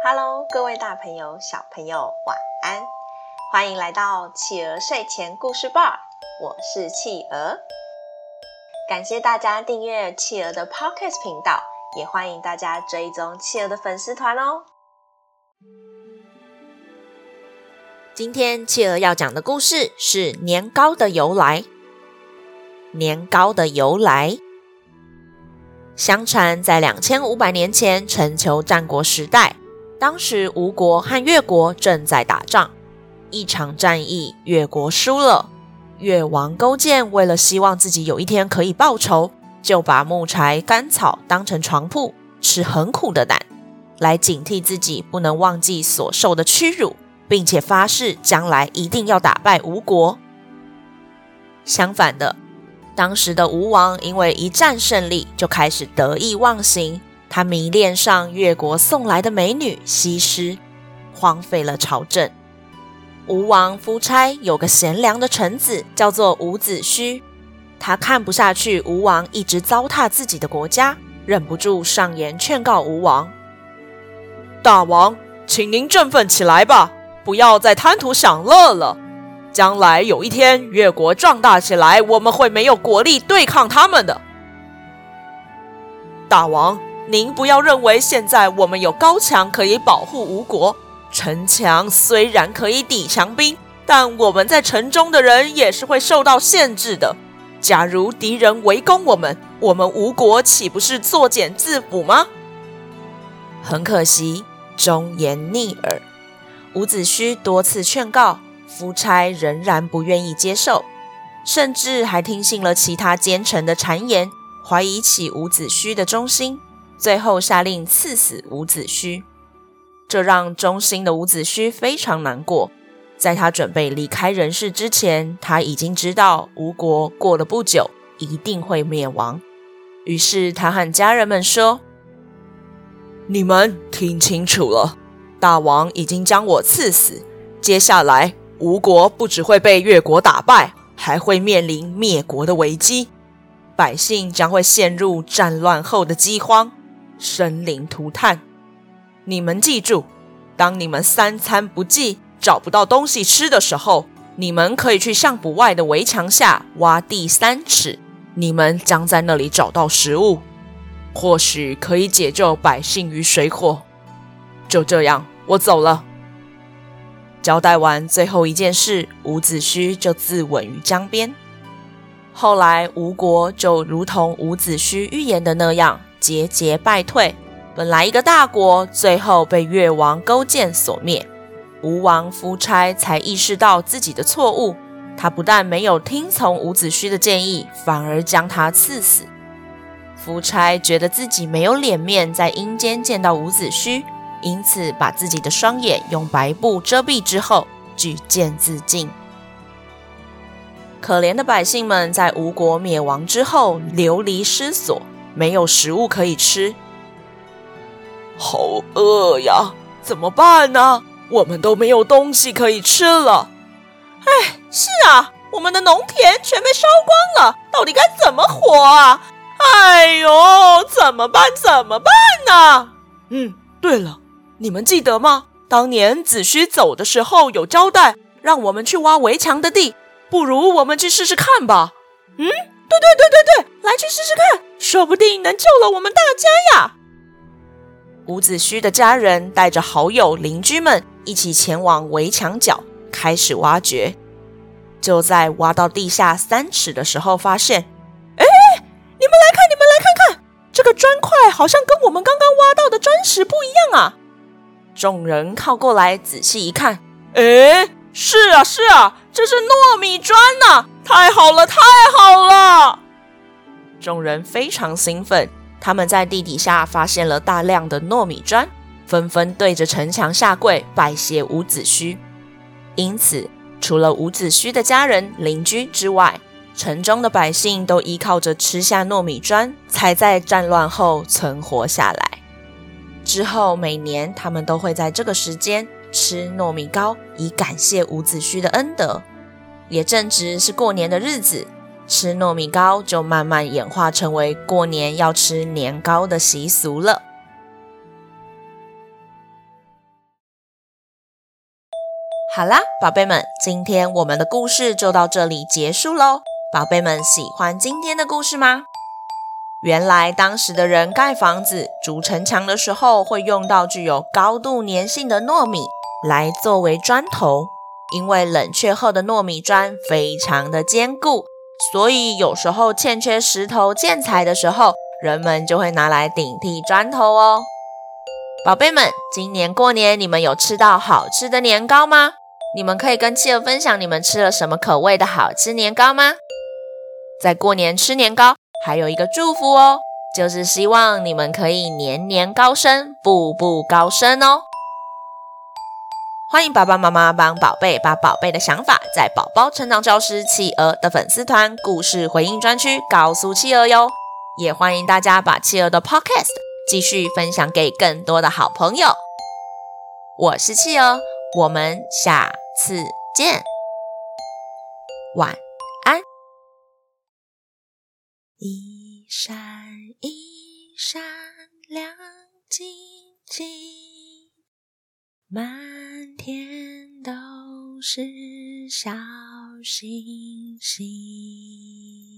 哈嘍，各位大朋友、小朋友，晚安！歡迎來到企鵝睡前故事吧，我是企鵝。感謝大家訂閱企鵝的 Podcast 頻道，也歡迎大家追蹤企鵝的粉絲團哦。今天企鵝要講的故事是年糕的由來。年糕的由來，相傳在兩千五百年前，春秋戰國時代。當時吳國和越國正在打仗，一場戰役越國輸了。越王勾踐為了希望自己有一天可以報仇，就把木柴、乾草當成床鋪，吃很苦的膽，來警惕自己不能忘記所受的屈辱，並且發誓將來一定要打敗吳國。相反的，當時的吳王因為一戰勝利就開始得意忘形。他迷戀上越國送來的美女西施，荒廢了朝政。吳王夫差有個賢良的臣子，叫做伍子胥。他看不下去吳王一直糟蹋自己的國家，忍不住上言勸告吳王：“大王，請您振奮起來吧，不要再貪圖享樂了。將來有一天，越國壯大起來，我們會沒有國力對抗他們的。”大王，您不要認為現在我們有高牆可以保護吳國，城牆雖然可以抵強兵，但我們在城中的人也是會受到限制的。假如敵人圍攻我們，我們吳國豈不是作繭自縛嗎？很可惜，忠言逆耳。伍子胥多次勸告夫差，仍然不願意接受，甚至還聽信了其他奸臣的讒言，懷疑起伍子胥的忠心。最後下令賜死伍子胥，這讓忠心的伍子胥非常難過。在他準備離開人世之前，他已經知道吳國過了不久一定會滅亡。於是他和家人們說：“你們聽清楚了，大王已經將我賜死。接下來，吳國不只會被越國打敗，還會面臨滅國的危機，百姓將會陷入戰亂後的饑荒。”生靈塗炭，你們記住，當你們三餐不繼，找不到東西吃的時候，你們可以去相府外的圍牆下挖地三尺，你們將在那裡找到食物，或許可以解救百姓於水火。就這樣，我走了。交代完最後一件事，伍子胥就自刎於江邊。後來，吳國就如同伍子胥預言的那樣。節節敗退，本來一個大國，最後被越王勾踐所滅。吳王夫差才意識到自己的錯誤，他不但沒有聽從伍子胥的建議，反而將他賜死。夫差覺得自己沒有臉面在陰間見到伍子胥，因此把自己的雙眼用白布遮蔽之後，舉劍自盡。可憐的百姓們在吳國滅亡之後流離失所。沒有食物可以吃，好餓呀！怎麼辦呢、啊？我們都沒有東西可以吃了。哎，是啊，我們的農田全被燒光了，到底該怎麼活啊？哎呦，怎麼辦？怎麼辦呢、啊？嗯，對了，你們記得嗎？當年子胥走的時候有交代，讓我們去挖圍牆的地，不如我們去試試看吧。嗯。對對對對對，來去試試看，說不定能救了我們大家呀！伍子胥的家人帶着好友、鄰居們一起前往圍牆角開始挖掘。就在挖到地下三尺的時候，發現，哎，你們來看，你們來看看，這個磚塊好像跟我們剛剛挖到的磚石不一樣啊！眾人靠過來仔細一看，哎，是啊是啊，這是糯米磚吶啊。太好了，太好了！眾人非常興奮，他們在地底下發現了大量的糯米磚，紛紛對着城牆下跪拜謝伍子胥。因此，除了伍子胥的家人、鄰居之外，城中的百姓都依靠着吃下糯米磚，才在戰亂後存活下來。之後，每年他們都會在這個時間吃糯米糕，以感謝伍子胥的恩德。也正值是過年的日子，吃糯米糕就慢慢演化成為過年要吃年糕的習俗了。好啦，寶貝們，今天我們的故事就到這裡結束嘍。寶貝們喜歡今天的故事嗎？原來當時的人蓋房子、築城牆的時候，會用到具有高度粘性的糯米來作為磚頭。因為冷卻後的糯米磚非常的堅固，所以有時候欠缺石頭建材的時候，人們就會拿來頂替磚頭哦。寶貝們，今年過年你們有吃到好吃的年糕嗎？你們可以跟企鵝分享你們吃了什麼口味的好吃年糕嗎？在過年吃年糕還有一個祝福哦，就是希望你們可以年年高升，步步高升哦。歡迎爸爸媽媽幫寶貝把寶貝的想法，在寶寶成長教室企鵝的粉絲團故事回應專區告訴企鵝喲。也歡迎大家把企鵝的 Podcast 繼續分享給更多的好朋友。我是企鵝，我們下次見，晚安。一閃一閃亮晶晶，滿。天都是小星星。